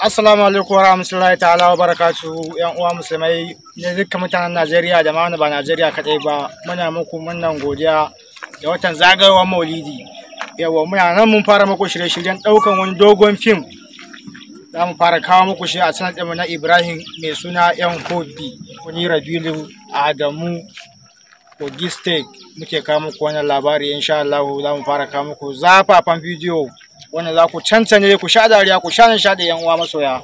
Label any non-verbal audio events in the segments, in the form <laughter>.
Assalamu alaikum wa rahmatullahi ta'ala wa barakatu yan uwa musulmai ne duka mutanen Najeriya da ma ba Najeriya kadai ba muna muku wannan godiya da watan zagayowar Maulidi yawa muna nan mun fara muku shirye-shiryen daukan wani dogon fim za mu fara kawo muku shi a sanar da na Ibrahim mai suna yan Kobi kuni Rabilu Adamu Kogi State muke kawo muku wannan labari insha Allah za mu fara kawo muku zafafan bidiyo Wanda za ku ne, ku sha dariya ku sha nishaɗi yan uwa masoya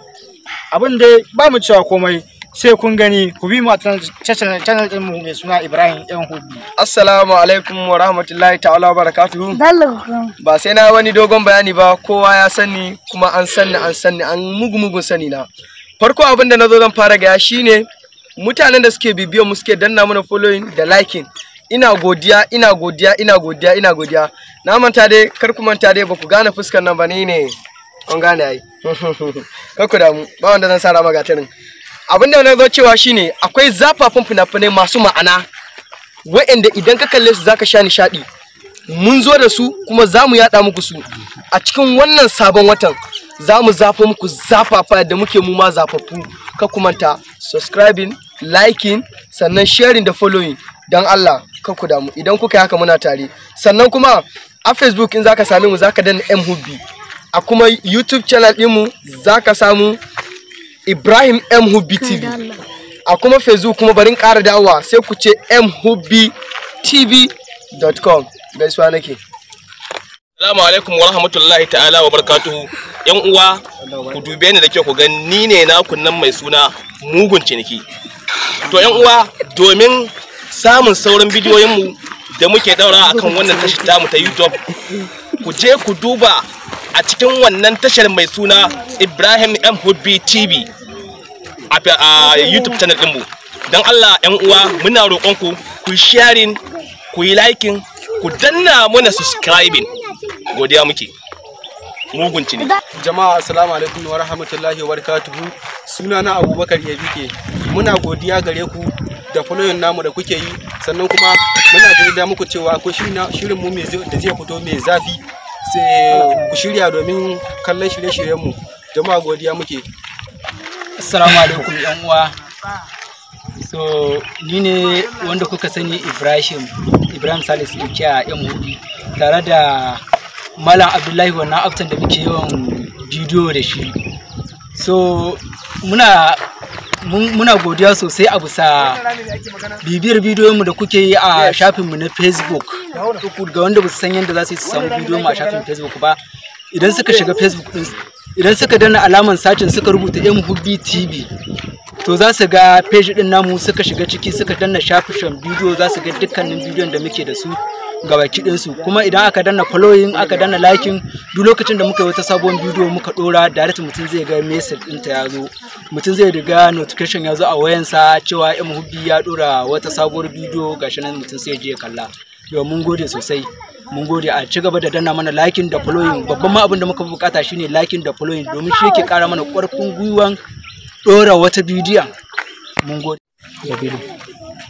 abin dai ba mu cewa komai sai kun gani ku bi mu a channel din mu mai suna Ibrahim ɗan Hudu. Assalamu alaikum wa rahmatullahi ta'ala wa barakatuhu. Ba sai na wani dogon bayani ba kowa ya sani kuma an sanni an sanni an mugu mugun sani na. Farko abin da na zo zan fara gaya ne, mutanen da suke bibiyan mu suke danna mana following da liking ina godiya ina godiya ina godiya ina godiya na manta dai kar ku manta dai baku gane fuskar nan ba ni ne kun gane ai <laughs> kar ku damu ba wanda zan sara maga tarin abin da na zo cewa shine akwai zafafin fina-finai masu ma'ana wa'anda idan ka kalle su zaka sha nishadi mun zo da su kuma za mu yada muku su a cikin wannan sabon watan za mu zafa muku zafafa da muke mu ma zafaffu ka ta; subscribing liking sannan sharing da following Dan Allah ku damu idan kuka yi haka muna tare sannan kuma a facebook in zaka same mu zaka dan m hubbi a kuma youtube channel mu zaka samu ibrahim m hubbi tv a kuma facebook kuma barin ƙara dawowa sai ku ce m hubbi tv.com gaisuwa nake Assalamu alaikum wa rahmatullahi ta'ala wa barakatuhu. Yan uwa ku dube ni da kyau ku ga ni ne na kunnan mai suna mugun ciniki. To yan uwa domin samun sauran bidiyoyinmu da muke daura akan wannan tashar tamu ta youtube ku je ku duba a cikin wannan tashar mai suna ibrahim m hobby tv a youtube channel ɗinmu don allah yan uwa muna roƙonku ku sharing ku yi likin ku danna mana subscribing godiya muke mugun ne. Jama'a assalamu alaikum wa rahmatullahi wa barakatuhu. Sunana Abubakar Yabike. Muna godiya gare ku da following namu da kuke yi sannan kuma muna jaddada muku cewa akwai shirin mu da zai fito mai zafi sai ku shirya domin kallon shirye-shiryen mu jama'a godiya muke assalamu alaikum yan uwa so ni ne wanda kuka sani ibrahim ibrahim salis ikiya yan hudu e. tare da malam abdullahi wannan aftan da muke yawan bidiyo da shi so muna muna godiya sosai a bisa bibiyar bidiyoyinmu da kuke yi a shafinmu na facebook ga wanda ba su san yadda za su yi su samu bidiyoyinmu a shafin facebook ba idan suka shiga facebook din idan suka dana alamar sacin suka rubuta mhb tv to za su ga page din namu suka shiga ciki suka danna shafin bidiyo za su ga dukkanin bidiyon da muke da su gabaki su kuma idan aka danna following aka danna liking duk lokacin da muka yi wata sabon bidiyo muka dora direct mutum zai ga message ta ya zo mutum zai riga notification ya zo a wayansa cewa yan hubbi ya dora wata sabuwar bidiyo gashi nan mutum sai je kalla mun gode sosai mun gode a ci gaba da danna mana liking da following babban ma abin da muka bukata shine liking da following domin shi yake kara mana ƙarfin gwiwan dora wata bidiyon mun gode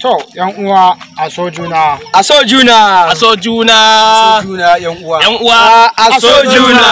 To, ‘yan uwa a so juna. A so juna. A so juna. A so juna, ‘yan uwa. ‘Yan uwa a so juna.